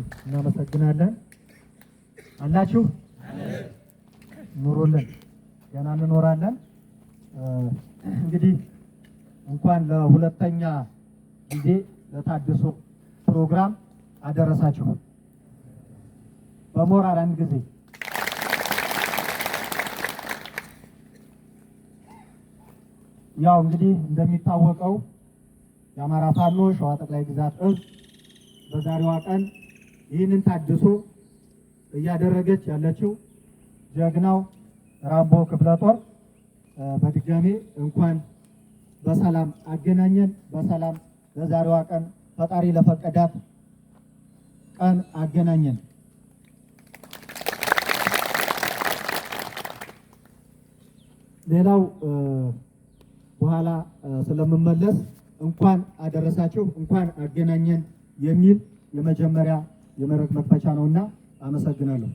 እናመሰግናለን። አላችሁ ኑሩልን፣ ገና እንኖራለን። እንግዲህ እንኳን ለሁለተኛ ጊዜ ለታድሶ ፕሮግራም አደረሳችሁ። በሞራል አንድ ጊዜ ያው እንግዲህ እንደሚታወቀው የአማራ ፋኖ ሸዋ ጠቅላይ ግዛት እዝ በዛሬዋ ቀን ይህንን ታድሶ እያደረገች ያለችው ጀግናው ራምቦ ክፍለ ጦር በድጋሜ እንኳን በሰላም አገናኘን። በሰላም ለዛሬዋ ቀን ፈጣሪ ለፈቀዳት ቀን አገናኘን። ሌላው በኋላ ስለምመለስ እንኳን አደረሳችሁ እንኳን አገናኘን የሚል የመጀመሪያ የመድረክ መክፈቻ ነውና አመሰግናለሁ።